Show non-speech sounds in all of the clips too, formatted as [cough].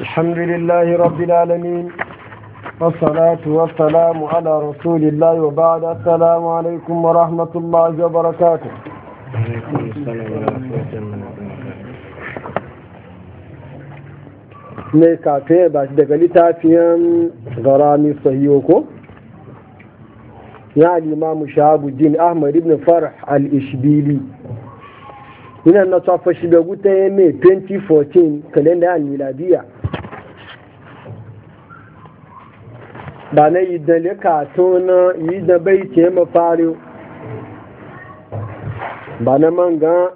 الحمد لله رب العالمين والصلاة والسلام على رسول الله وبعد السلام عليكم ورحمة الله وبركاته ne kafe ba shi daga littafiyan garami ya limamu shahabuddin ahmad ibn farah al-ishbili yana na tsafa shi da guta mai 2014 kalenda ya miladiya Bana na yi da likato na yi da bai ke mafari ba na man gan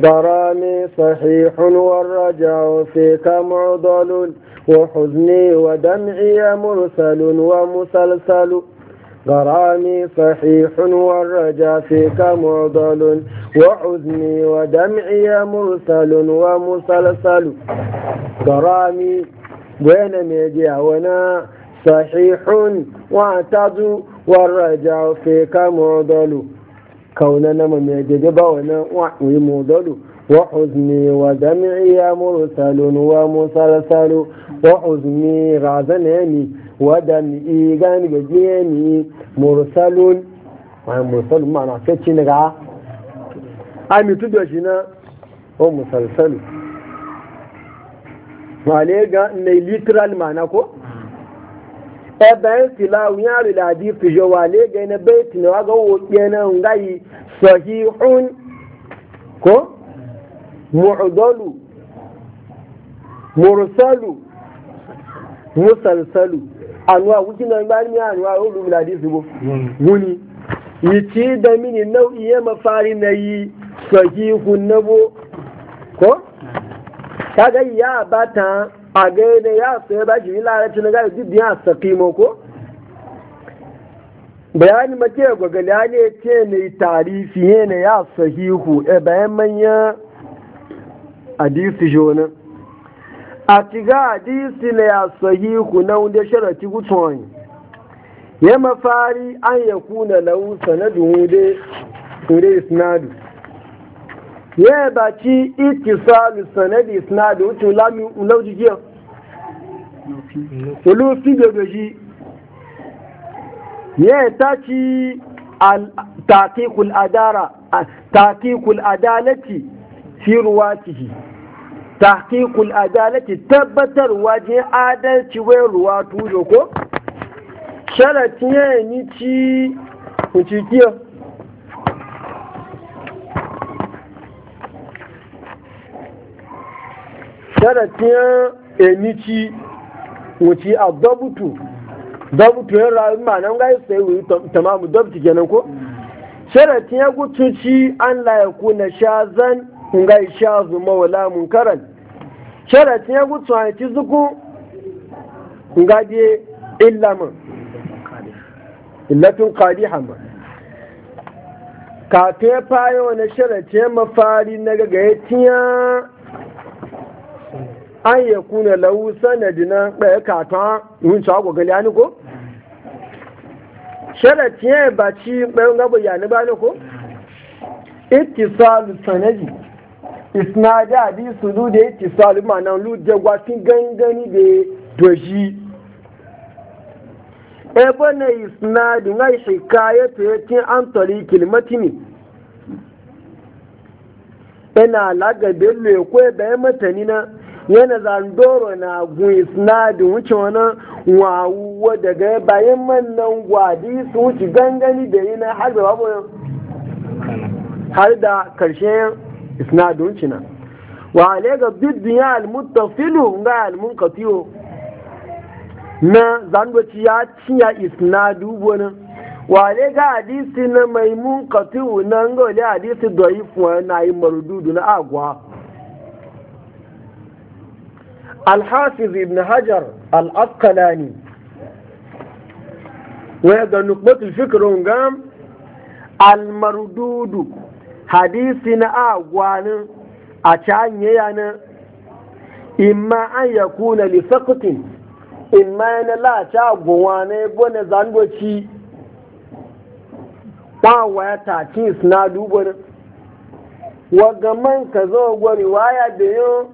gara ne sahihun warra jawo fi kama dalun wa huzni wa dam'i ya mursalun wa musalsalu غرامي صحيح والرجا فيك معضل وعزني ودمعي مرسل ومسلسل غرامي وين ميجي wana? صحيح واعتدوا والرجاء فيك معضل كوننا من يجدب ونوي معضل وحزني ودمعي يا مرسل ومسلسل وحزني غازنني ودمعي بجيني مرسل مرسل معنى فتشنغا أمي تدوشنا ومسلسل ما ليه قال ليترال معنى كو ẹbẹ̀n fìlà wíyàn rìlà àdí fìjọ wà lẹ́gẹ̀ ẹni bẹ́ẹ̀ tì ní wàá gbọ́ wò pé ẹni ń gáyì sọ̀hí hún kó mùcùdọ́lù mùrùsọ́lù mùsàlùsọ́lù àwọn àwùjọ náà gbá ní àwọn olùmìnira àdí ìsìnkú wúni mafari na yi sọ̀hí hún náà bó kó kága a gaida ya sai ba shi na gari duk ya safi ko bayani mace gwagwala ne ce ne tarifi e e ne na ya sahihu e bayan manyan hadisi jonin a hadisi na ya sahihu na wunde sharati gutsuwan ya mafari an ya kuna lau sanadu wunde isnadu ya ba ci ittisalu sanadi isnadi wuce lami ulauji giya olu fi gaji ya ta ci taqiqul adara taqiqul adalati fi ruwatihi tahqiqul adalati tabbatar wajen adalci wai ruwatu ko sharatin ya ni ci ku ci sharatin emici wuce a dabutu dabutu yin rayu ma nan ga sai wuyi tamamu dabutu kenan ko sharatin ya ci an la ya kuna shazan kun ga sha zuma wala munkaran sharatin ya gutu a ci zuku kun ga je illa man illatun qadiha man ka te fayo na sharatin mafari na ga ga an ya kuna lau sanadi na ɓaya katon wunci agwa gali ani ko? sharati ya ba ci ɓayan gaba ya ni bani ko? ittisalu sanadi isnadi hadisu lu da ittisalu ma'ana lu da gwafin gangani da doji ebe na isnadi na shikayatu ya tin an tori kilmatini ina lagabe lo ekwe bayan matani na yana zandoro na gun isnadin wuce wani wawuwa daga bayan mannan gwadi su wuce gangani da yi na har da babu har da karshen isnadin wuce na wa alega bidin ya almuttafilu ga katiyo na zandoci ya ciya isnadu wani wale ga hadisi na maimun katiyo na ngole hadisi fuwa na yi marududu na agwa alhafiz ibn hajar al'afkalani waya ga nukbatul fikirin gam almardudu hadisi na agwanin a canye yana imma an ya kuna lisakutin imma yana lati agwawa na yabo na zangoci kwawa ya tatis na dubar wagaman ka zo gwani waya da yau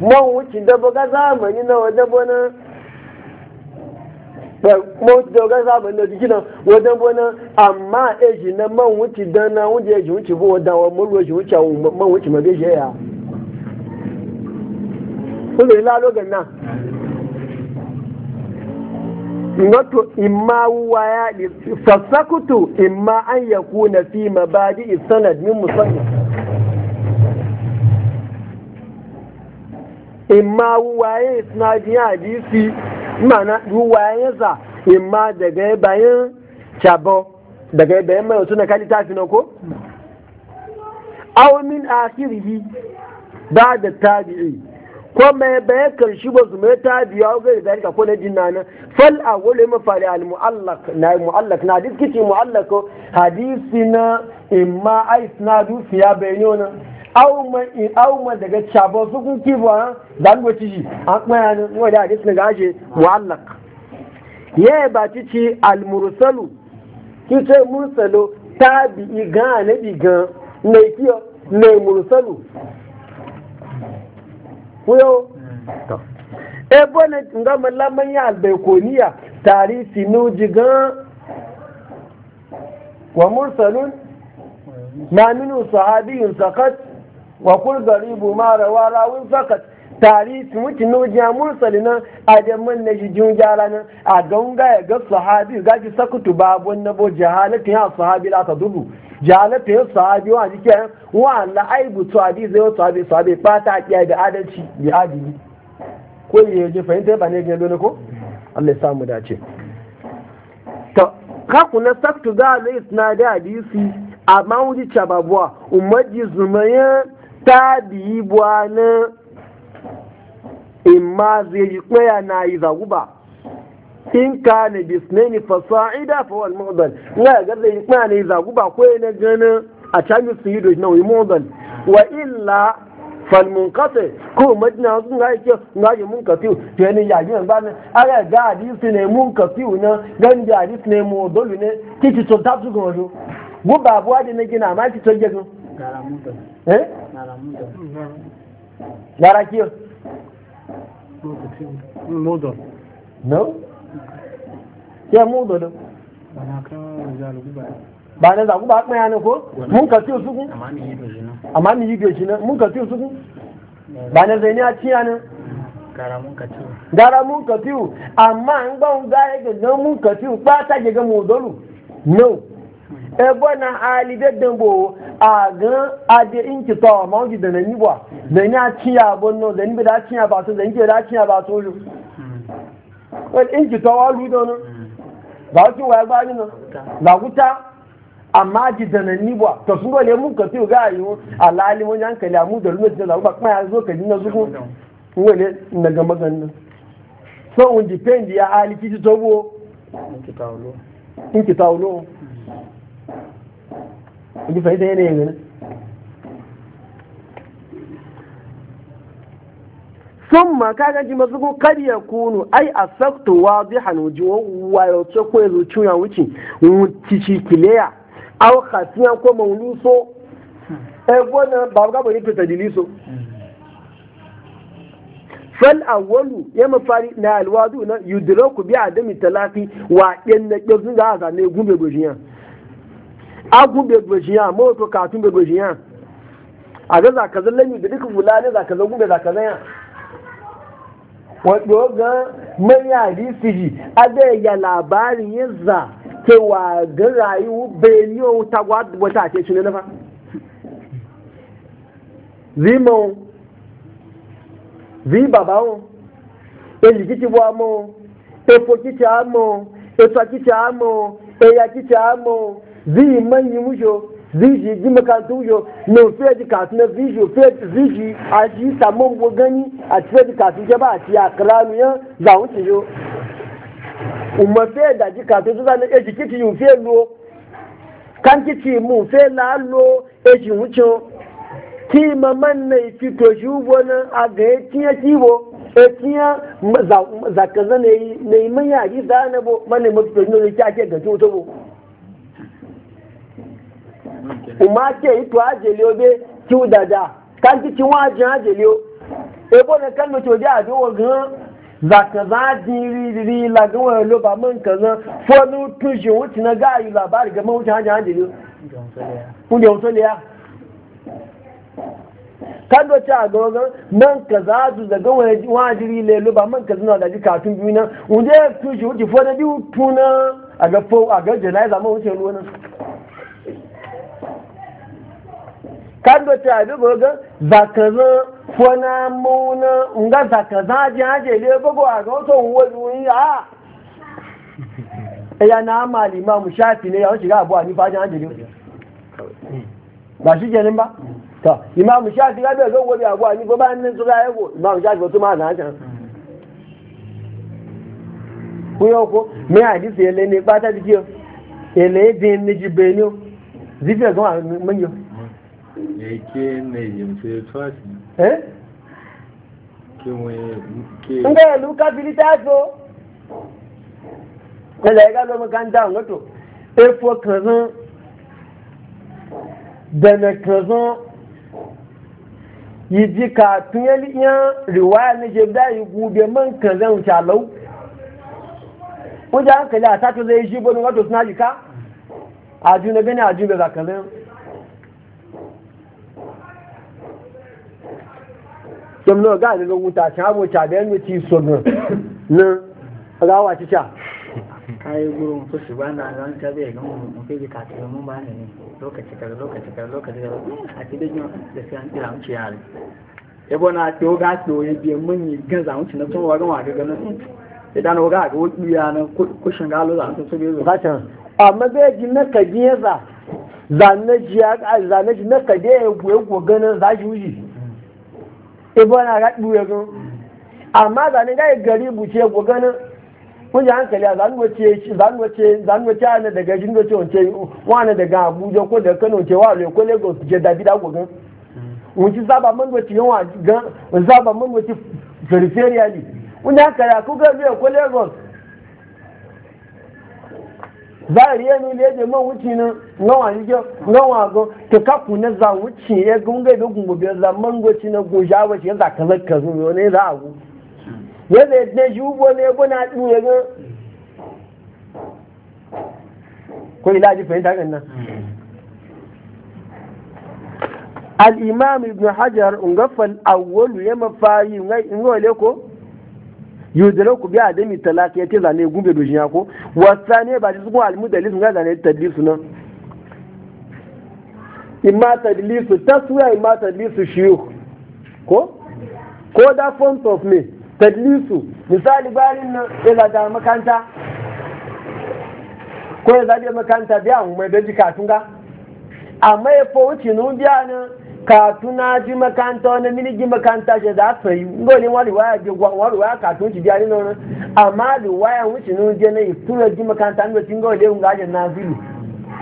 man wuce dabo ga zamani na wa dabo na na amma eji na man wuce da na wuce ya ji wuce bo da wa mulwa ji wuce fi mabadi sanad min imma waye isnadin hadisi mana waye za imma daga bayan chabo daga bayan mai na kali tafi na ko awon min ba da tabi'i ko mai bayan karshe ba su mai ya ga da ka ko na dinana fal awwal ma fali al mu'allak na mu'allaq na hadisi kici mu'allak hadisi na imma isnadu fiya bayanona auma eh, daga cabo su kun da an gwaci goci ji an kuma ya ne wanda hadis ne gaje muallaq ya ba ci ci almursalu ki ce mursalu tabi'i ga ne bi ga ne kiyo ne mursalu kuyo to e bona nga mallaman ya al baykoniya tarihi nuji ga wa mursalun ma minu sahabiyin sakat wa kul garibu ma rawa rawin fakat tari su mutu no jiya a da man na shi jin gyara a ganga ya ga sahabi ga ji sakutu babun na bo jahalatu ya sahabi la ta dubu jahalatu ya sahabi wa ji kiyan wa la aibu to adi zai wa sahabi sahabi fata kiya da adalci bi adili ko ya je fahimta ba ne ga lona ko Allah ya dace to ka kuna sakutu ga na isnadi hadisi amma wuji chababuwa umaji zumayen tabi bwana imma zai kwaya na yi in ka ne bisneni fasa'ida fa wal mu'dal na ga kwaya na yi zaguba ko na a can su yi na wani mu'dal wa illa ko majina sun ga yake ga na munqati to ne ya ji ba ne ara ga na ga hadisi ne na gina ma eh gara kiyo mudo no ke mudo do ba na zagu ba kuma yana ko mun ka tiyo suku amma ni yi doshi na mun ka tiyo suku ba na a ciya ne gara mun ka tiyo an gara ga mun ka tiyo ba ta ga no ebe na alibe dambo a gan ade to ma oji da nani bwa da ni a ciya bonno da ni da ciya ba to da ni da ciya ba to lu hmm. wal inki to wa lu don hmm. ba ki wa ba ni no da guta amma ji da nani bwa to sun gole mun ka ti ga yi alali mun yan kala mu da lu da ba kuma ya zo ka dinna zuku wole daga maganin so un depend ya aliki to bo inki tawlo inki tawlo ji fahimta yanayi ne sun ma kaga ji masu kar karya kunu ai a sakto wa zai hannu ji wa yau ce ko ya zuci ya wuce wuci ci kileya au khasiya ko mauluso ai eh, gona ba ga bari fita so fal awwalu ya mafari na alwadu na yudraku bi adami talafi wa dan na kizun da za ne gumbe gojiya agun bai dojiya moto katun bai dojiya a ga zakazan lami da duka fulani zakazan gube zakazan ya wato ga manya risiji a da ya labarin yadda cewa ga rayu beniyo ta wata a ce shi ne nafa zimon zibabawo elijiti bu amo efo kici amo efa kici amo eya kici amo zai man yi zai shi ji makarantu wujo na fiye ji kasu na zai shi zai shi a shi samun bu gani a fe ji kasu ke ba a ci a ya za wuce yo ma fe da ji kasu su zana eji kiti yi fiye lo kan kiti mu fe la lo eji wuce ki ma man yi fito shi ubo na a ga ya e tiya kibo e ya za zakaza na yi manya ji zana bo yi mafi fiye ne ya ke gaji wuta bo. Uma umake ito ajeliyo be ki dada kanti ti wa jan ajeliyo ebo ne kan to ja bi wo gan za kan za din ri ri la gan wo lo ba man kan na fo nu tu ji wo ti na ga yi la ba ri gan mo jan ya kan do cha go gan man ka za zu da gan wa jiri le lo ba man ka zuna da ji katun bi na unde tu ji wo ti fo da bi tu na aga fo aga janaiza mo wuce ruwa na kando ti abi goga zakaza fona muna nga zakaza ji haje le gogo a go so wo yi a ya na mali ma mu shafi ne ya o ga abu ani fa ji haje le ba shi kenan ba to imam shafi ga da gogo bi abu ani ko ba ga shafi to ma na ko me ele ne ta ele e din ni èyí kí nèyí ń ṣe tọ́ọ̀sì. ke wọ́n ké. ń bẹ́ẹ̀ lu kábìlì táàtó. ẹlẹ́ ẹ̀ka ló mú káńtà ọ̀hún tó. efo kan sán dẹ̀nẹ̀ kan sán yìí ka tuyẹ́lì yẹn rìwáyà ní ṣe bẹ́ẹ̀ ikú bẹ́ẹ̀ mọ́ nǹkan sẹ́hùn ṣàlọ́. wọ́n jẹ́ àǹkẹ́lẹ́ àtàkùn lè ṣí bọ́nu wọ́n tó sún àyíká. àjùnà bẹ́ẹ̀ ni àjùnà bẹ́ẹ̀ kàn lẹ́yìn. sọm náà gáà ní lóhun tàṣà àwọn ìṣàbẹ̀ ẹnu ti ní kayi ba na ta bi mun ba ne lokaci lokaci lokaci a ti da jin da sai an tira muci yare e bona to ga to ye bi mun yi gan za mu na tun wa gan wa ga na e dan wa ga ga wuci ya ko kushin ga lo za mu so be ka can amma be ji na ka ji za zanne ji ji na ka de e ganin za wuji ibana raɗu ya zo amma zane ga yi gari buce ko ganin kun ji hankali a zanu zanu zanuwace ana daga zanu wace wance wani daga abuja ko da kano ce wa ko lagos je dabi da gogon wunci zaba man wace yawa zaba man wace peripherally kun ji hankali a kuka biya ko lagos zahiri ya nuna yaje man wuce nan nawa yige nawa go to kafu na za wuce ya gunga da gungo biyar za man goci na goja ba shi za kaza kaza yo ne za agu ya da ne jubo ne buna din ya ga ko ila ji fahimta kan nan al-imam ibn hajar ungafal awwalu yama fayi ngai ngole ko yudura ku biya da mi talaka ya ce zane gumbe dojin ya ko wasa ne ba jisun kuma almudalis ga zane tadlisu nan ima tadlisu taswiya imma tadlisu shiyu ko ko da font of me tadlisu misali bayanin na ya zaga makanta ko ya zaga makanta biya mu mai daji katunga amma ya e fa wuce nun biya nan katuna ji makanta wani mini ji makanta ce za su yi ngoli wani waya ji wani waya katun ci biya nuna amma da waya wuce nun je na iftura ji makanta ne tin ngoli un gaje na zilu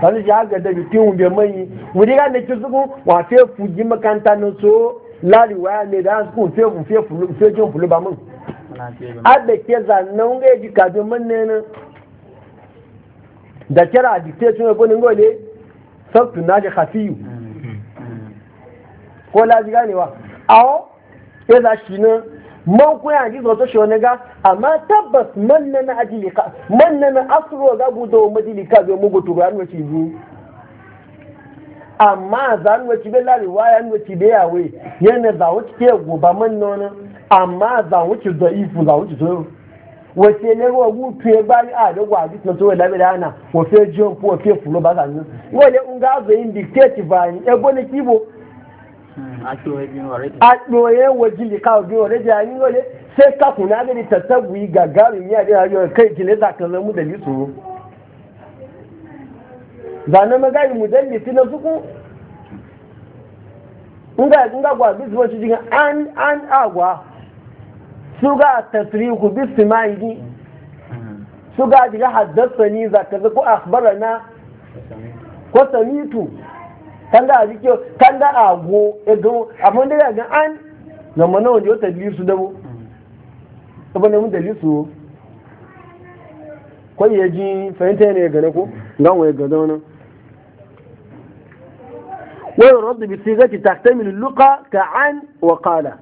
kan ji haka da bi tin be mai mu diga ne ki zugu wa fe fu ji makanta no so Lari waya ne da su fe fu fe fu fe jin fu ba mun adda ke za nan ga ji kadu mun ne na da kira dictation ne ko ngoli sabtu na ji khafiyu ko laji ganewa awo ya za shi nan man koya ji zo to shi wani ga amma tabbas man na na ajilika man na na asro ga budo majilika ga mugu turu an wace ji amma za an wace be la riwaya an wace be yawe yana za wuce ke goba man nono amma za wuce da ifu za wuce to wace ne wa gutu ya bari a da gwaji na to labe da ana wa fe jump wa fulo ba za ni wale un ga zo yin dictative ba ni e gone kibo A akpoye wajili kawo biyu wale jani wale sai ka kuna gani ta tabuyi gagarin ya da yawon kai jile za ka zama da lisu ba na magani mu dan lisu na suku nga nga gwa bisu wacce jikin an an agwa su ga tasiriku bisu ma yi su ga jiga haddasa ni za ka zaku akbarana ko samitu kan da a ji kyau kan da a go ya e gano amma da ga an na mana wani yau tabi su dabo abu ne mun tadli su kwai ya ji fahimta ne ya gane ko gan wa ya gane wani wani rabbi bi sigati tahtamilu luka ka an wa kala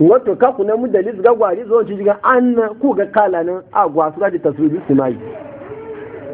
wato ka kuna mun dalil ga gwari zo ji ga an ku ga kala nan a gwasu ga da su mai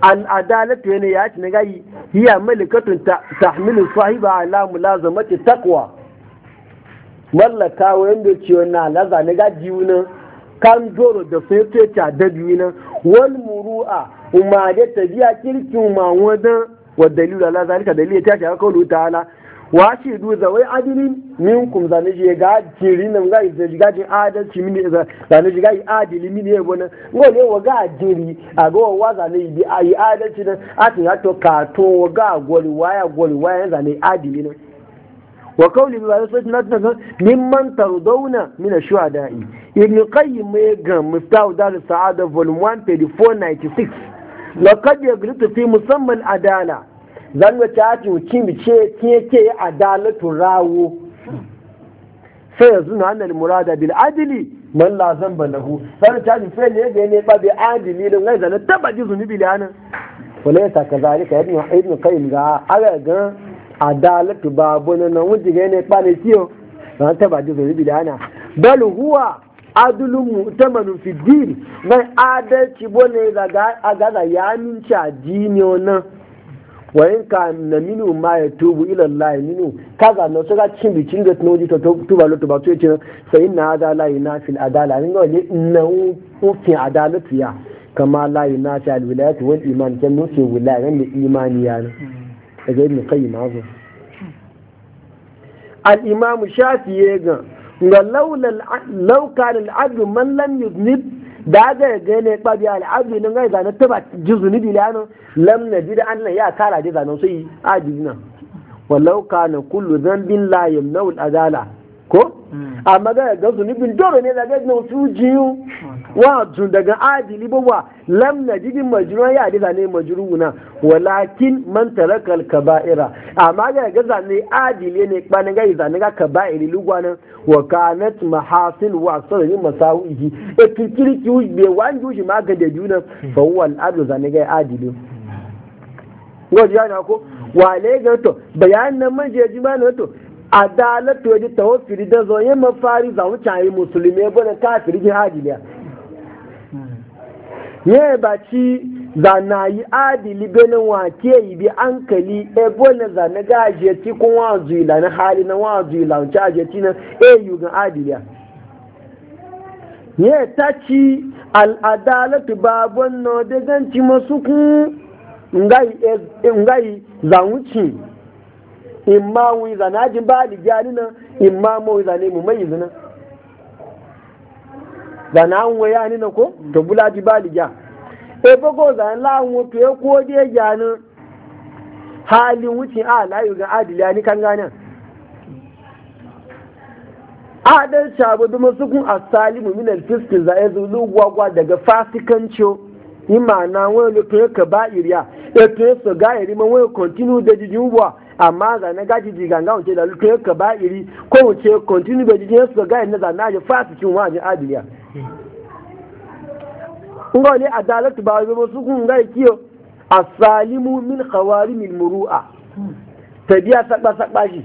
al'adalatu yana ya ci na gayi hiya malikatun tahmilu sahiba ala mulazamati taqwa mallaka wanda ce wannan laza na gaji wuna kan doro da sai ce ta da wuna wal muru'a umma da tabiya kirkin ma wadan wa dalilu ala zalika dalili ta shi aka kawo ta'ala wa shi du zawai adilin minkum zane je ga jiri nan ga je ga jin adalci mini zane je ga yi adili mini yabo nan ngole wa ga jiri a ga wa zane bi ayi adalci nan a tin ya to ka to wa ga goli waya goli waya zane adili nan wa kauli bi ba sai na tana mimman tardauna min ash-shuhada'i ibn qayyim mai ga muftahu dar sa'ada volume 1 page 496 laqad yaghlitu fi musamman adala zan ga caji wucin ke keke adalatu rawo sai yanzu na hannun murada bil adili man la zamba lahu sai caji sai ne ga ne ba bi adili don ga zan tabbaji zunubi da nan wala yasa kazalika ibn ibn qayyim ga aga ga adalatu babuna nan wuji ga ne ba ne kiyo taba tabbaji zunubi da nan bal huwa adulun mutamanun fi din mai adalci bone daga aga da yamin caji ne wannan wa in ka na minu ma ya tubu ila Allah minu kaza na so ga cin bi cin ga tunoji to tuba lo tuba to yace sai inna hada la na fil adala ni ga le na hu fi adalatu ya kama la na fi al wilayati wal iman kan no ce wilayan da imani ya ne hmm. daga ibn qayyim azu al imam shafi ya ga ga laula law kana al abdu man lam yuznib da ga ga ne ba biya al'abdi nan ga zanen ta ba ji zunubi lanu lam na da Allah ya kara ji zanen sai adili nan wallau kana kullu dhanbin la yamna'u al'adala ko hmm. amma ga ga zunubin dole ne da ga nan su jiyu hmm. wa tun daga adili bawa lam na jidin majuru ya adila ne majuru na walakin man taraka kaba'ira amma ga ga zane adili ne kwanan ga zane ga kaba'iri lugwanan wa kanat mahasil wa sarri masawihi e kirkirki ujbe wan juji maga da juna fa huwa al zane ga adili goji yana ko wale ga to bayanan majeji ma na to adalatu wajen tawaffiri da zo mafari za mu cayi musulmi bane kafiri jihadi ne ye baci za na yi adili benin wake yi bi ankali ebo na za na ga ajiyarci kun wa zuila na hali na wa zuila wance ajiyarci na e yi ga adiliya ye ta ci al'adalatu babon na daganci masu kun ngai za wuce imma wani za na jin ba aligiyani na imma mawai za mu mai zina zana an waya ni na ko to bula ji ba liya e bago zana la an wato ya ko de ya ni halin wuce a layu ga adila ni kan gane adal shabu duma sukun asalimu min alfiski za ya e zulu gwagwa daga fasikancio ni ma'ana wani lokacin e ka ba iriya e to ya e su ga iri man wani kontinu da jijin buwa amma ga na gaji ji ganga wuce da lokacin ka ba iri ko wuce kontinu da jijin ya so ga iri na zana ya fasikin wajen adiliya ngo ni adalatu ba zama su kun ga kiyo asalimu min khawarimil muru'a tabiya sakba sakba shi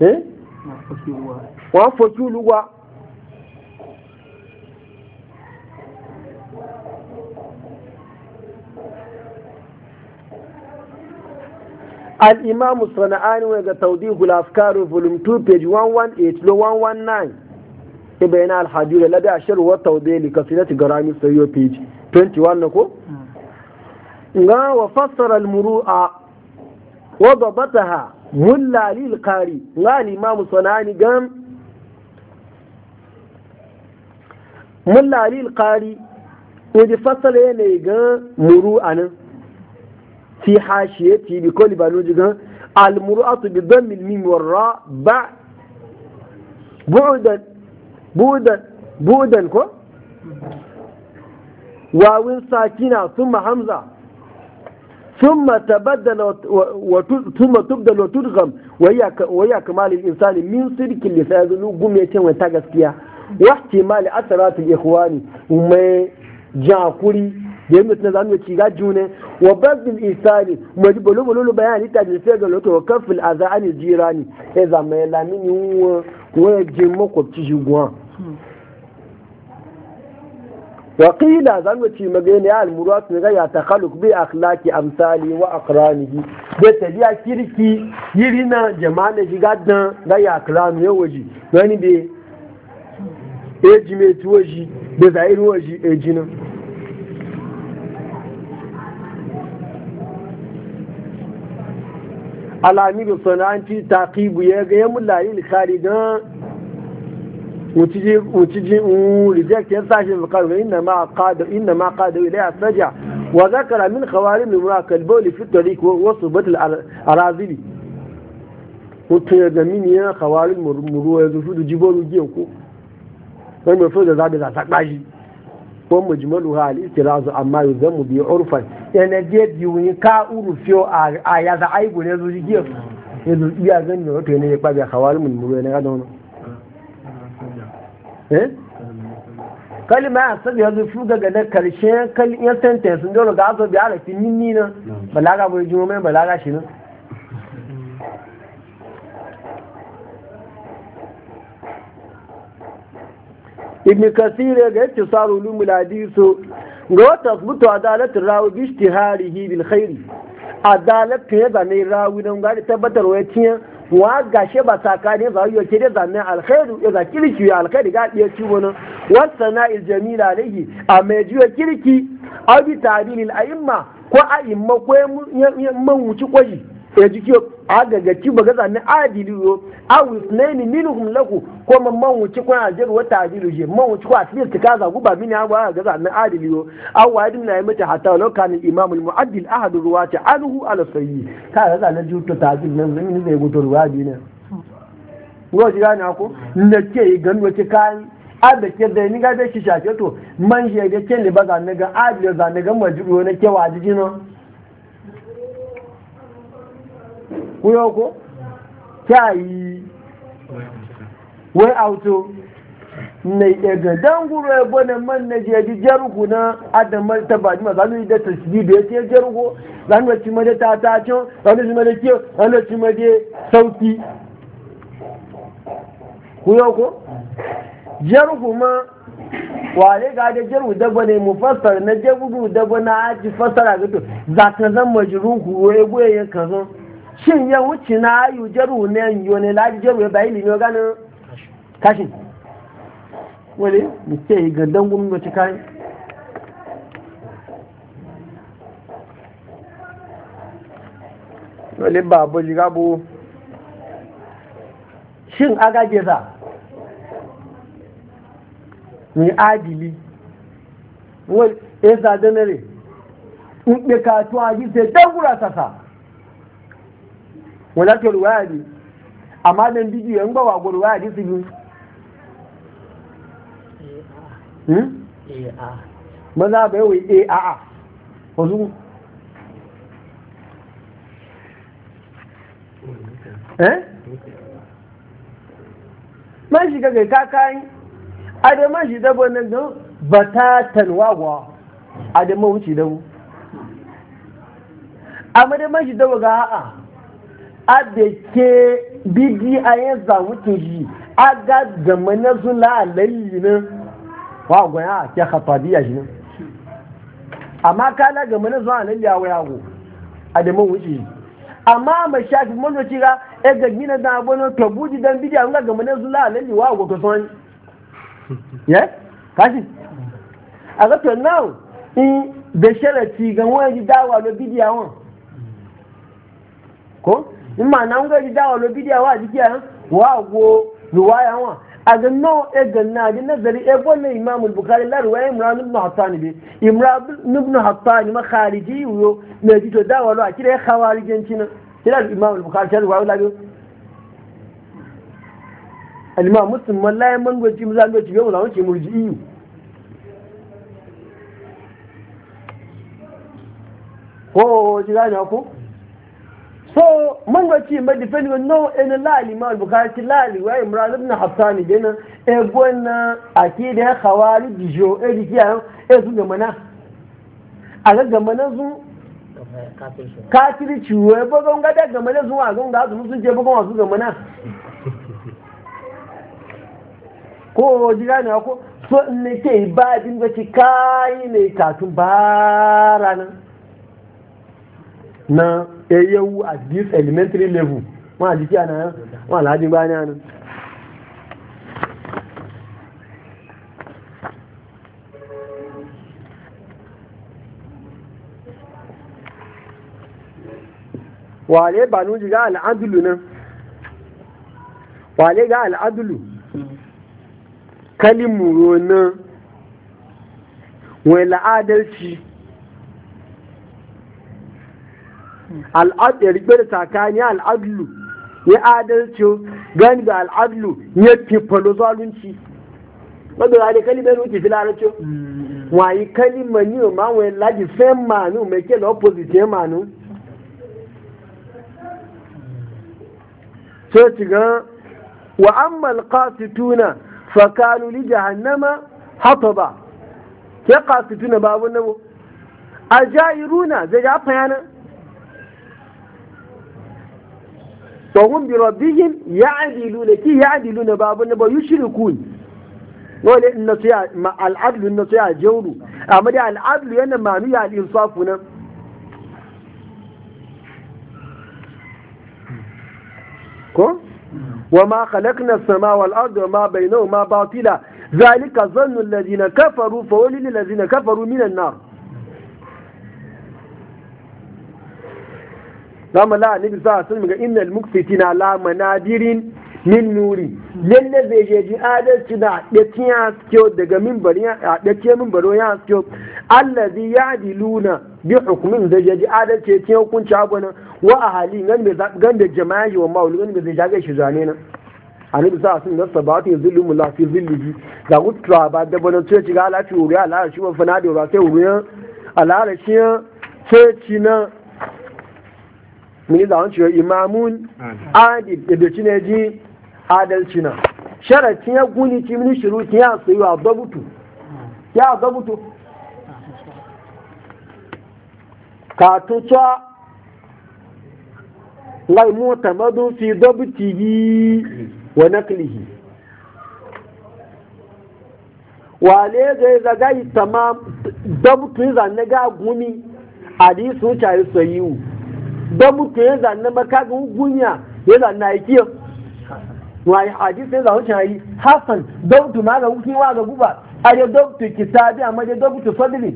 eh wa fotu luwa al-imamu sana'ani wa ga tawdihul afkar volume 2 page 118 to 119 In ibayin alhajjura lada ashir wa taudeli kasinati garami sayo page 21 na ko nga wa fassara almuru'a wa ha, mulla lil qari nga al-imam sunani gam mulla lil in ji fassara yana ga muru'a nan fi hashiyati bi kulli baluji ga المرأة بضم الميم والراء بعد بعدا budan ko wawin sakina ma hamza ma tabaddala wa summa wa tudgham wa hiya kamal insani min sidqi lisanu gume ce wata gaskiya wa ihtimal atharatil ikhwani mai jakuri da yin na zamu ci gaju ne wa bazil isani mu ji bolo bolo bayani ta ji sai ga loto wa kafil azani jirani e ya zama ya lamini wa wo je makwabci jigwa wa qila zamu ci magani ya almuruwa ne ga ya takhaluk bi akhlaqi amsali wa aqranihi da biya kirki yirina jama'a shiga gigadan ga ya akram ya waji wani bai eji mai tuwaji da zairu waji ejinan alamiru sananti ta kibu ya ga yamun lari likari don mutiji rijekta ya sashi bukar ga inna ma kada ila ya sajiya wa za min ramin kawari mai mura kalbau lifi tori ko wasu batul arazili mutu ya zami ne ya kawari muruwa ya zufu da jibon rugiyar ko wani mafi da zaɓi za ta ƙashi ko mujmalu ha al-istirazu amma yuzamu bi urfan yana je biyu ka uru urufiyo a ya za aibu ne zuji giyo yanzu iya zan yi wato ne ya kwabi a kawalin mun muru ne gado eh kalma ya sabi yanzu fi daga na karshen kalmar sentence dole ga azo bi arafi minni na balaga bai jimo mai balaga shi na ibn kasir ga yace saru ulumul hadisu ga wata asbutu adalatul rawi bi ijtiharihi bil khairi adalat ne da rawi don ga tabbatar wa yace wa gashe ba sakani za yi ke da alkhairu ya kirki ya alkhairi ga iya ci wani wasa na iljamil alaihi a mai jiwa kirki abi tarihin a'imma ko a'imma ko ya man wuci ya ji kiyo agaga ci ba gaza ni adili yo aw isnaini minhum lahu ko man man wuci ko ajir wa ta'dilu je man wuci ko ta kaza guba mini awa gaza ni adili yo aw wa'idun na yimata hatta law kana imam al mu'addil ahad ruwati anhu ala sayyi ka gaza na jutto tota ta'dil nan zan zai gutu ruwadi ne ngo ji gani ako ne ke gan wace kai ada ke da ni ga da shi shafe to man je da ke ne ba zane ga adili za ni ga majru ne ke wajiji no kuyo ko we wai auto na ga danguro ya bone man na je di jaruku na adam ta ba ma zanu da tasbi da yake jaruku zanu ci ma da ta ta cho zanu ci ma da kiyo zanu ci ma de sauti kuyo ko jaruku ma wale ga da jaru daba ne mufassar na jaru daba na aji fassara ga to zama zan majruku wai boye kan zan shin ya wuce na yi jaru ne yiwu ne laji jaru ya bayi limiyo ganin kashin wani ce yi gandan gumi ci kayan wani babu bu. shin agage za ni adili wani ya zadenare in ɗe katuwa ji sai dangura sasa wọ́n láti ọ̀rọ̀ wáyà rí àmọ́ àdé ń dídì ẹ̀ ń gbọ́wọ́ àgbọ̀rọ̀ wáyà rí sí mi. mọ́nà àbẹ̀wò aaa eh? man shiga kai a da man shi dabo na gan batatan wawa a da man wuce dabo a da man shi dabo ga a'a abeke bidi a yin zawuke shi a ga gama na zula a lalli nan wa gwaya a ke biya shi ne amma kala gama na zula a lalli a waya go a da man wuce shi amma ma shafi mano ga e ga gina da abin to buji dan bidi an ga gama na zula a lalli wa go to son [laughs] yes kashi a ga to now in da sharati ga wani dawa lo bidi wani ko ma na nga ji dawo lo bidiya wa jikiya wa go ruwaya wa a ga no e ga na ji nazari e le imam al-bukhari la ruwaya imran ibn hattan bi imran ibn hattan ma khariji yo ne ji to dawo lo akire khawarijin cin kira imam al-bukhari ta ruwaya la bi alima imam wallahi man goji mu zan goji mu zan ci murji'i ko ji gane ko so mun ga ci mai defendi no en lali ma bukhari ci lali wa imran ibn hasani dena e gona akida khawari jo e dikiya e su ga mana a ga ga mana su kafiri ci e ba ga ga ga mana su a ga ga su sun je ba ga su ga mana ko ga ne ko so ne ke ba din ga ci kai ne katun bara nan na eyewu at this elementary level wọn àdìsí kí àná yẹn wọn àlájú bá ní àná. wàlẹ́ bànú jù gá àlàádùlù náà wàlẹ́ gá àlàádùlù kálímù mùrò náà wọ̀n la'adalci al'adu ya rikpe da tsakani al'adlu ya adalci gani da al'adlu ya fifalo zalunci wadda ya da kalimar wuce fi larabci mm-hmm. wayi kalimar ni ma wani laji fen manu mai ke da opposite manu so ci ga wa amma alqasituna fa kanu li jahannama hataba ke qasituna babu nabo ajairuna zai ga fayana wa hum bi rabbihim ya'diluna ki ya'diluna babu na ba yushrikun wale inna tuya ma al'adlu inna tuya jawru amma da al'adlu yana manu ya al-insafu nan ko wa ma khalaqna as-samaa wal arda ma batila zalika dhannu alladhina kafaru fa walil kafaru minan nar zama la annabi sa sun ga innal mukfitina la manadirin min nuri lalle zai je ji adalci da dakiya skyo daga minbari a dakiya minbaro ya skyo allazi yadiluna bi hukmin da je ji adalci ce hukunci abuna wa ahali gan da gan da jama'i wa maulu gan da zai jaga shi zane nan annabi sa sun da sabati ta zillu mula fi zillihi da gutra ba da bana ce ci ga lafi wuri ala shi wa fanadi da ba sai wuri ala shi ce ci na mini da wani cewa imamun adil idoci ne ji adalci na sharatin ya guni ci mini shiru ki ya tsayi wa zabutu ya zabutu ka tutuwa lai mota madu fi yi wa naklihi wale zai zaga yi tamam zabutu yi na ga guni hadisu ta yi sayiwu don mutu ya zanna makagun gunya ya zanna ya kiyo wani hadis ya zahuci hayi hasan don tu ma ga wuki wa ga guba a da don tu kitabi amma da don tu fadli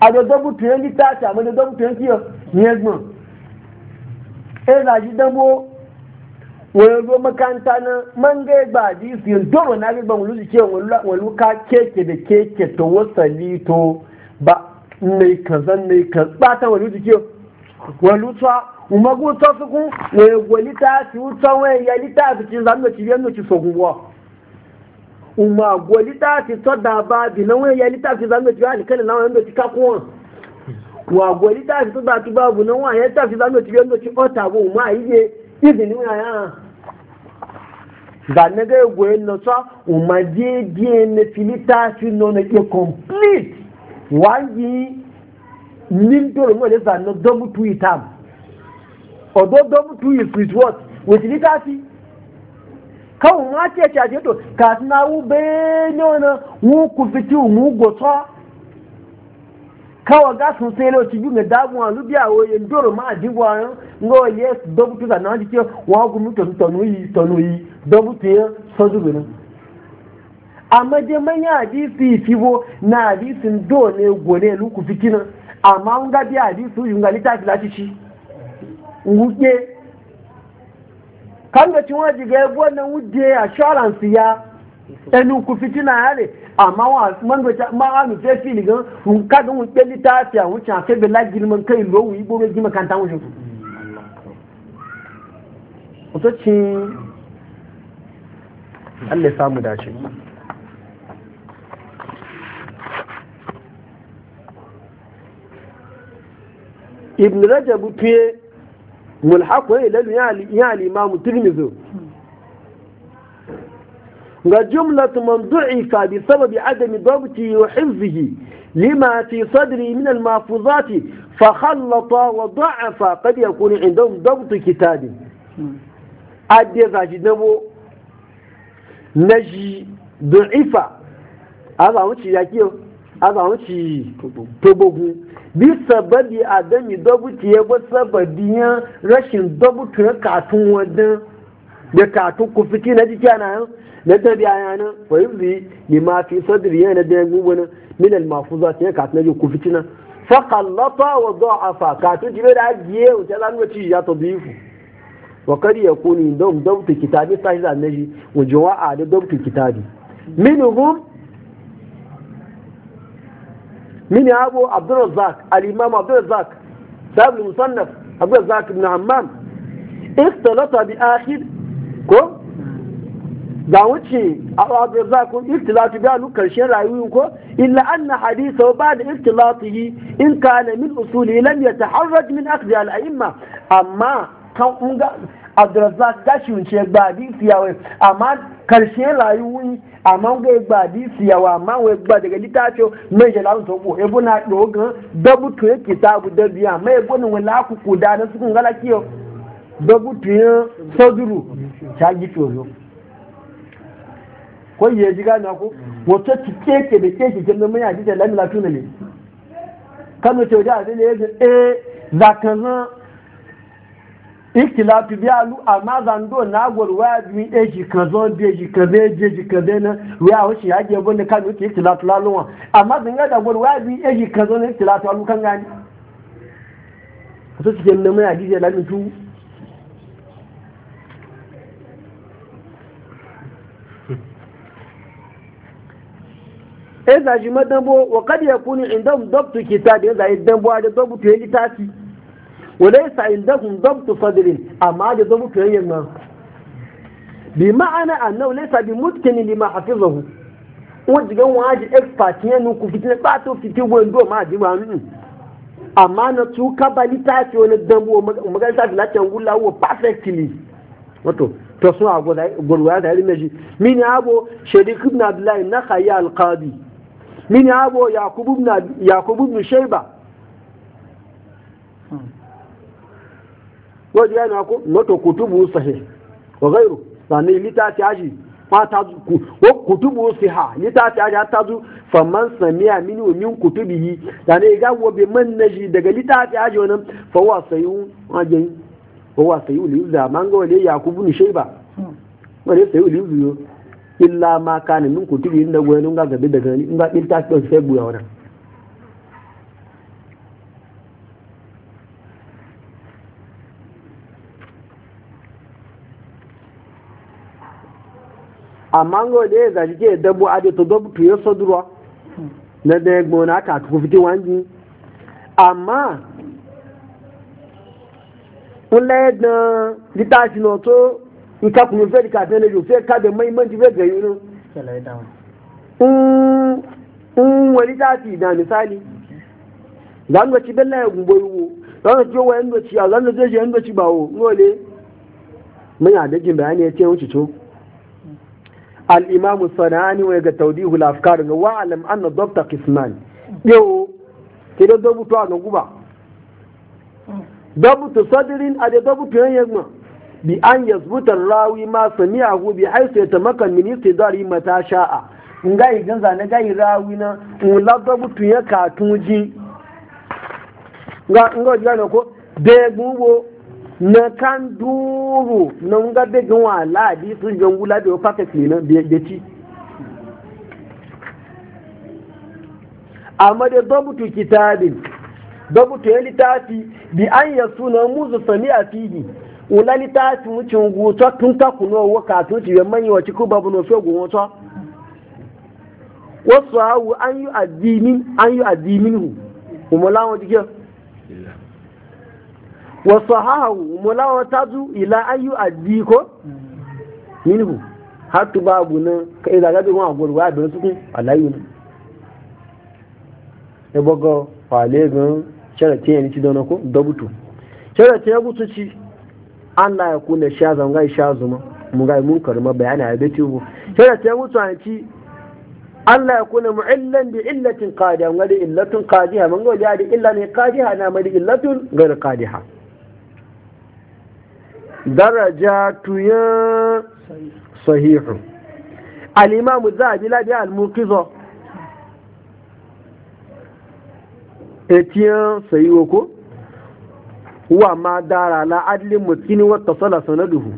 a da don tu ya litafi amma da don tu yan kiyo ne gbọn ya zaji dabo wani zo makanta na man ga ba hadisi yin doro na gagban wani ke wani ka keke da keke to wasali to ba mai kazan mai kazan ba ta wani jikiyar walutwa umagu ta suku we golita ti utwa we yalita ti zan no ti yen no ti sogunwa uma golita ti to da ba bi na we yalita ti zan no ti ali kan na we no ti kakun wa golita ti to da ti ba na wa yalita ti zan no ti yen no ti ota bu ma iye ibi ni ya zan ga egwe no so uma die die ne filita ti no na ke complete wa nítorí wọ́n lè sà ní double two itam ọ̀dọ́ double two is with what with litasi ma wọn á tiẹ̀ tiẹ̀ to, ka kàtí náà wọ́n bẹ́ẹ̀ ní ọ̀nà wọn kò fi tí òun gòtọ́ káwọn gáàsùn sí ilé òtí gbìyànjú dáàbò wọn lóbi àwọn oyè ndòrò máa dìbò àrùn ńgọ yẹ double two sànà ti tiẹ̀ wọn á gùn tọ̀nù tọ̀nù yìí tọ̀nù yìí double two yẹn sọ́jú bìnrin àmọ́jẹ́ mẹ́yìn àdìsí ìfiwo náà àdìsí ndòrò ní egwò ne ìlú kò ku fiti náà. amma n ga biya bi su yi ngali tafi lati ci wuke kan da cin waje ga yabo nan assurance ya ẹnu kò fitina ya rè àmọ́ wọn àtúmọ̀ nígbà fìlì gan ń pẹ́ ní táàfì àwọn tí a fẹ́ bẹ̀ láti gírí mọ́ nǹkan ìlú òwú igbó rẹ̀ kan táwọn tí ṣe. ibn rajab fiye mulhaku ya lalu ya alimamu tirmizu ga jumlatu man du'ifa bi sababi adami dabti wa hifzihi lima fi sadri min al mafuzati fa khallata wa da'afa qad yakunu indahum dabtu kitabi adiya zaji dabo naji du'ifa aza wuce ya azawuci tobogun bi sababi adami dobuti ya ba sababi ya rashin dabutu ya katun wadan da katun ku fiti na jiki ana yan na tabi aya nan fa yuzi ne ma fi sadri yana da ya gugu na gugun min al mahfuzat ya katun ji ku fiti na fa qallata wa da'afa katun jibe da ajiye wuce zan ci ya fu wa kari ya kuni don dawtu kitabi sahiza ji wa jawa'a da dawtu kitabi minhum mini abu abdurrazzaq al-imam abdurrazzaq sabu musannaf abdurrazzaq ibn hammam ikhtalata bi akhir ko ga wuce abdurrazzaq ikhtilatu bi alu karshen rayuwar ko illa anna hadithu ba'da yi in kana min usuli lam yataharraj min aqdi al-a'imma amma kan unga abdurrazzaq gashi wuce ba bi fiyawe karshe rayuwi a mangwai gba disiyawa mangwai gba daga littafiyo mai jala sun tobo bu na dogon dabutu ya bu da biya mai gwanin wala kuku da na sukun gala kiyo dabutu ya sojuru ta gi ko ya ji gani ko wato ci keke da keke kin da mai ajiyar lamila tunale kano ce wajen da ya ce eh ikilafi biya lu amma zando na gwarwa bi e ji kan zo bi ji kan be je ji kan be na ruwa ho ya ke bon kan ki ikilafi la luwa amma zanga da gwarwa bi e ji kan na ikilafi lu kan gani to cikin nan mai hadisi da mutu e zaji madambo wa kad yakunu indam dabtu kitabi zai dambo da dabtu ya litafi وليس عندهم ضبط صدر أما هذا ضبط ينما بمعنى أنه ليس بمتكن لما حفظه wọ́n waji expert yẹn nu kò fitinẹ bá tó fiti wọn ndó ọmọ àdìmọ àmì àmà na tu kábàlì táàfì wọn dánwó ọmọkàlì táàfì láti ẹnwó láwọ perfectly wọ́tò tọ́sún àgọ̀rọ̀ wáyà tàyẹ̀lì méjì mí ni àbò shedik ibn abdullahi nàkàyé alqabi mí ni yakubu wajen yana ko mato kutubu sahi wa gairu sani litafi aji ko kutubu siha litafi aji ta zu faman samiya mini min kutubihi sani ga gobe man naji daga litafi aji wannan fa wa sayu ajin fa wa sayu li zaman ga wale yakubu ni sheba hmm. wale sayu li yo illa ma kana min kutubi inda gwanin ga gabe daga ni in ga litafi sai buya amma ngo da ya zaji ade to dabo to yo sodurwa na da gbo na ka ku fiti wanji amma ule da litafi no to nka ku fe ka tele yo fe ka de mai man fe ga yunu mm mm wani litafi da misali zan ga bella ya gumbo yiwo zan ga ci wa yanda ci zan ga je yanda ci bawo ngole mun ya da jin bayani ya ce wuce to al'imamu sana'ani wai ga taudihu lafkar ga wa'alam anna dokta kisman yau ke da dabutu a guba dabutu sadirin a da dabutu yan bi an yazbuta rawi ma sami'ahu bi haisu ya tamakan min istidari mata sha'a nga igan zane ga rawi na mula dabutu ya katun ji nga nga ko da ya gubo na kan duru na nga be gan wala di sun jangula be fata kina be ci amma da dabutu kitabin dabutu ya littafi bi an ya suna muzu sami a fili ula littafi wucin guto tun ta kuno wa katun ci yan manyi wace ku babu no fe gun wasu hawu an yi addinin an yi addinin hu umulawan jikin wasu hahu mulawa ta zu ila ayu a ko minhu har tu babu nan ka ila gabi wa gurgu a bin sukun alayu ne e bogo fale gan sharati ne ci dona ko dabutu sharati ya butu ci Allah ya kula sha zanga sha zuma mu ga mun karma bayani a beti ko sharati ya butu an ci Allah ya kuna mu'illan bi illatin qadiha ngadi illatun qadiha man go da illa ne qadiha na madi illatun gar qadiha darajatu ya sahihu al-imam az-zahabi la bi al-muqiza etiyan sahihu ko wa ma dara la adli mutkin wa tasala sanaduhu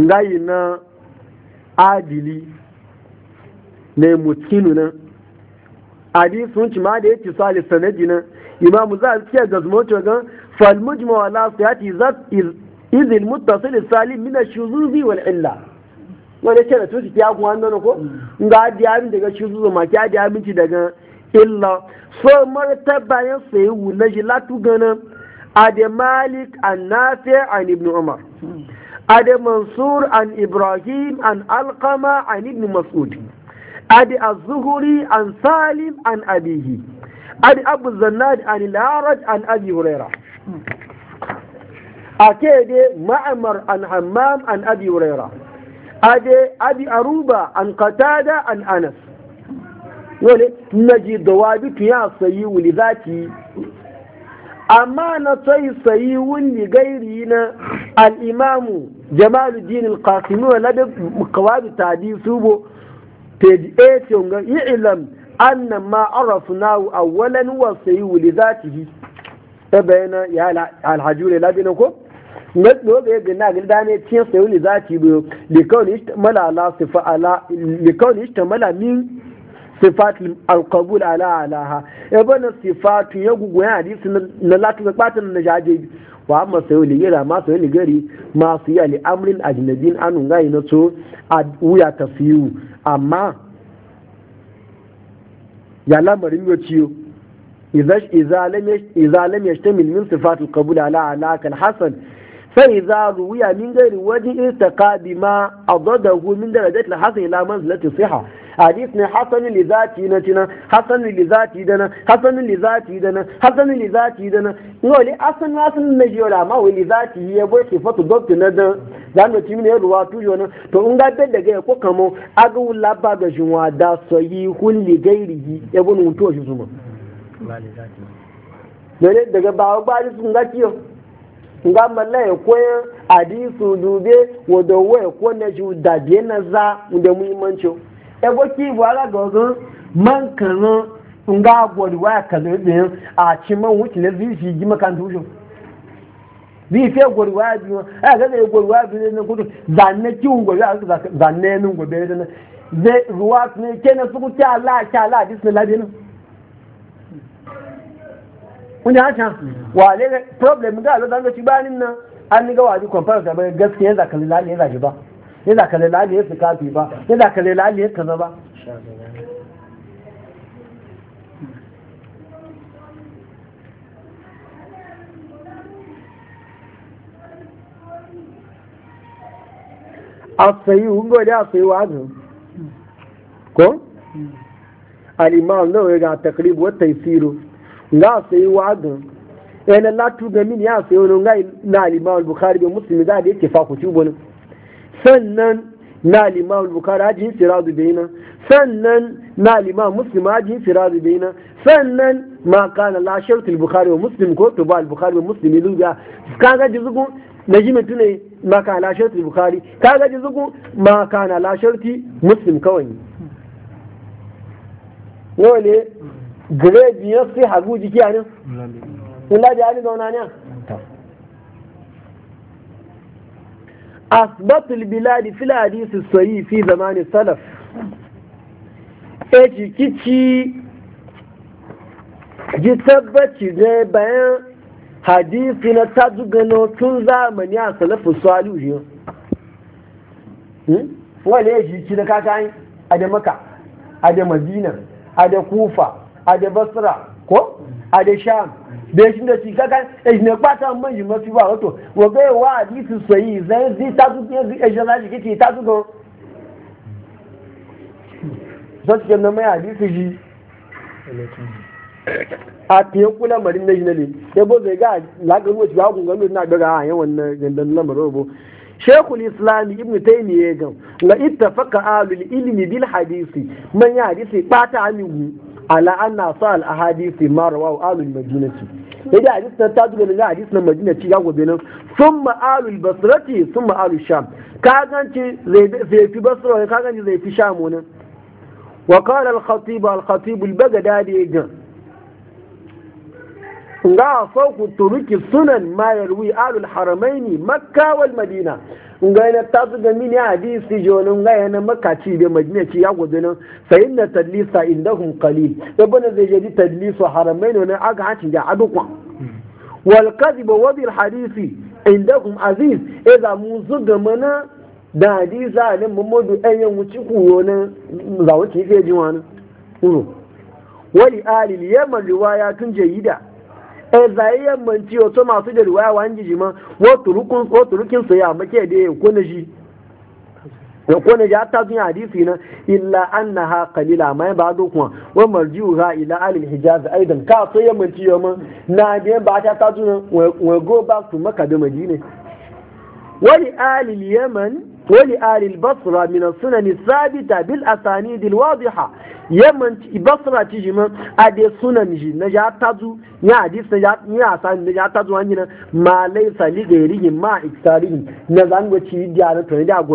ngayi na adili na mutkinu na adi sun ci ma da yake sali sanadi na imamu za a ya ga zumoto gan فالمجمع على صحته ذات إذ المتصل السالم من الشذوذ والعلة wani ce da tusi ya kuma hannun ko ga ajiye abin daga shizu zuwa ma ki ajiye abinci daga illa so martaba ya sayi wula shi latu ganin ade malik an nafi an ibn umar ade mansur an ibrahim an alkama an ibn mas'ud ade az-zuhri an salim an abihi ade abu zannad an al an abi hurairah A akede ma'amar an hammam an abi a ade abi aruba an katada an anas wale naji dawabitu ya sayi wuli zaki amma na sai sayi wuli gairi na al-imamu jamaluddin al-qasimi wala da qawabi tadi subo page 8 yi ilam anna ma nau awalan wa sayi wuli yi!" bayan ya alhajure labina ko matsuwa ga yadda na gida ne cikin sayo ne za sifa ala likawun ta mala min sifat alkabul ala alaha ebe sifatu ya gugu ya hadisi na lati ga kwatin na jaje wa amma sayo gira ma sayo ligari masu yi al'amrin ajinabin anun gayi na so a wuya ta fiyu amma ya lamarin yau ciyo إذا لم يشتمل من صفات القبول على علاقة الحسن فإذا روي من غير وجه التقى بما أضده من درجة الحسن إلى منزلة الصحة حديثنا حسن لذاتي نتنا حسن لذاتي دنا حسن لذاتي دنا حسن لذاتي دنا نقول أصلا أصلا نجي ولا ما هو لذاتي هي بوي صفة ضبط ندن dan da timin ya ruwa tujo nan to in ga da ga ko kamo aga wula ba ga jinwa da sayi kulli gairihi ibn mutuwa shi zuma dole daga bawa gbari sun ga kiyo nga mala ya koya hadisu dube wadda ya ko na shi da biye na za da muhimmanci ebo ki bu ala gogo man kanu nga bodi waya kazo ne a man wuce na zai shi gima kan tushin zai fiye gwari waya biyu a ga zai gwari waya biyu ne kudu zanne kiwon gwari a zanne nun gobe ne ruwa ne kenan su ku ala ta ala hadisu na labi nan kun ya wa le problem ga lo zanga ci banin nan an ni ga waji kwamfara da bai gaskiya za ka lalali ya zaji ba ya za ka lalali ya sikafi ba ya za ka lalali ya kaza ba asayi hungo da asayi wazin ko al-imam nawawi ga takrib wa taysiru nga sai wadin yana eh, latu ga min ya sai wani ngai na limam bukhari da muslim da da yake faku tubun sannan na limam bukhari haji siradu baina sannan na limam muslim haji siradu baina sannan ma kana la shawt bukhari wa muslim ko to ba bukhari wa muslim luga kaga jizugu na ji mutune ma kana la shawt bukhari kaga jizugu ma kana la shawt muslim kawai ne grade ya sai hagu jiki a nan kula da hali zauna ne asbatul biladi fil hadisi sayi fi zamani salaf e kici ji tabbaci da bayan hadisi na tazu gano tun zamani a salafu salu ne hmm? wale ya ki da kakayi a da maka a da madina a da kufa a da basra ko a da sham da shi da shi kakan shi ne kwata mun yi mafi ba wato wa ga wa hadisi sayi zai zai ta su ne zai jana shi kike ta su go zai ke nan ya hadisi shi a fiye kula marin na jinali ya e bo zai ga lagar wacce ba kun gano na daga a yawan na gandan lamarin bo shekul islami ibn taymiyyah ga ittafaqa alul ilimi bil hadisi man ya hadisi bata amihu ala anna sa al ahadisi ma rawahu alul madinati idan hadis na ta duba daga na madina ci ya gobe nan summa alul basrati summa alul sham ka ganci zai fi basra ka ganci zai fi sham wannan wa qala al khatib al khatib al bagdadi gan nga fauku turuki sunan ma yarwi alul haramaini makka wal madina nga ina tazu ga mini hadisi jono nga yana makka ci be madina ci ya gobe nan fa inna tadlisa indahum qalil ibn zai tadlisu haramaini ne aga hatin da adukwa wal kadhibu wa bil hadisi indahum aziz idza muzuga mana da hadisa ne mudu ayyan wuci kuyo ne za wuci jiwa ne wali alil yaman riwaya tun ezaiye manci wato masu da ruwaya wa hanji ma wato rukin su ya make da ya kone shi ya kone shi hatta sun hadisi na illa annaha qalila ma ba do kuma wa ha ila alil hijaz aidan ka so ya manci ma na da ba ta ta tun we go back to da madina wa wali ali basra min sunan sabita bil asanid al wadiha yaman basra tijima ade sunan ji na ja tazu ni ade sunan ja ni asan ni ja tazu an ni ma lai sali ga rigin ma iktarin na zango ci dia na tunai da na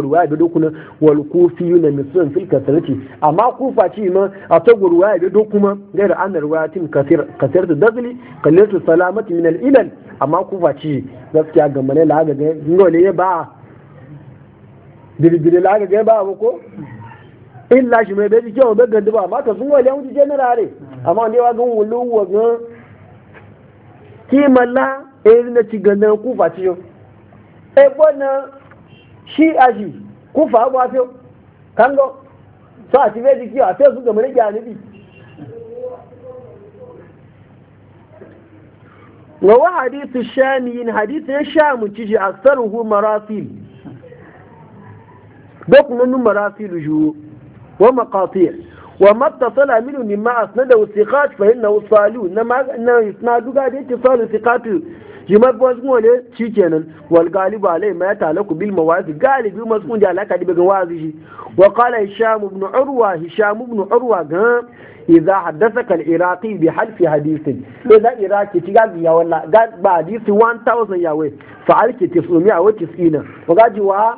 sunan fil kasrati amma kufa ci ma a to gurwa da dokuma ga da an ruwa tin kasir kasir da dazli qallatu salamati min al ilal amma kufa ci gaskiya ga malai la ga ga ngole ba birbiri la ga gai ba mu ko illa shi mai bai jike wa gaggan ba amma ka sun wale mu jike na rare amma ne wa gan wulu wa gan kimalla e eh, na ci ganan kufa ci yo e bona shi aji kufa a fi kango so a ci bai jike a fi su ga mun ga ni bi wa wa hadithu shamin hadithu shamu ci ji aksaruhu marasil دوك من مراسيل جو ومقاطيع وما اتصل منه مما اسنده na فانه صالون نما يسنادو قاعد اتصال الثقات jimar ba wasu wane shi kenan wal galibu alai ma ya talaku bil mawazi galibi masu kun da alaka da bagan wazi shi wa qala hisham ibn urwa hisham ibn urwa ga idza haddathaka al iraqi bi half hadithin iraqi ti ga ya ga ba 1000 yawe fa alki 990 wa gaji wa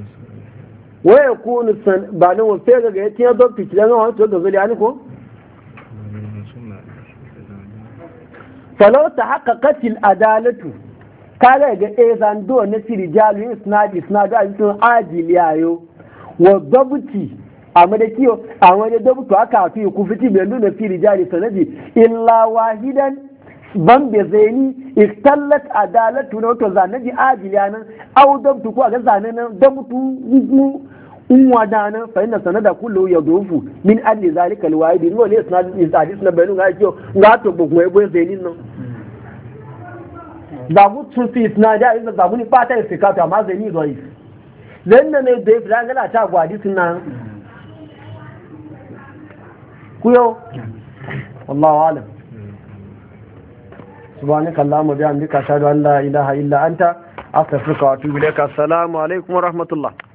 waya kunu ba nan wasu ya ga yakin ya don fitilan na wani tsoron zuri hannu ko? falauta haka katil adalatu kare ga e zan do na siri jalu yin sinadi sinadi a cikin ajili yayo wa zabuti a madakiyo a wani zabutu aka fi ku fiti bai nuna siri jalu sanadi illa wahidan ban bai zaini iktallat adalatu na wato zanaji ajili yanan au zabutu ko a ga zanen zabutu in wadana fa inna sanada kullu yadufu min ajli zalika alwaidi ngo ne sanad is na bayinu ga kiyo ga to bugu e boye zenin no da hmm. bu fi isnada is da bu ni pata ifikata ma zeni do is dan nan ne da ifra ga ta gwa hadis na hmm. kuyo hmm. wallahu alam سبحانك اللهم وبحمدك اشهد ان لا اله الا انت استغفرك واتوب اليك السلام عليكم ورحمه الله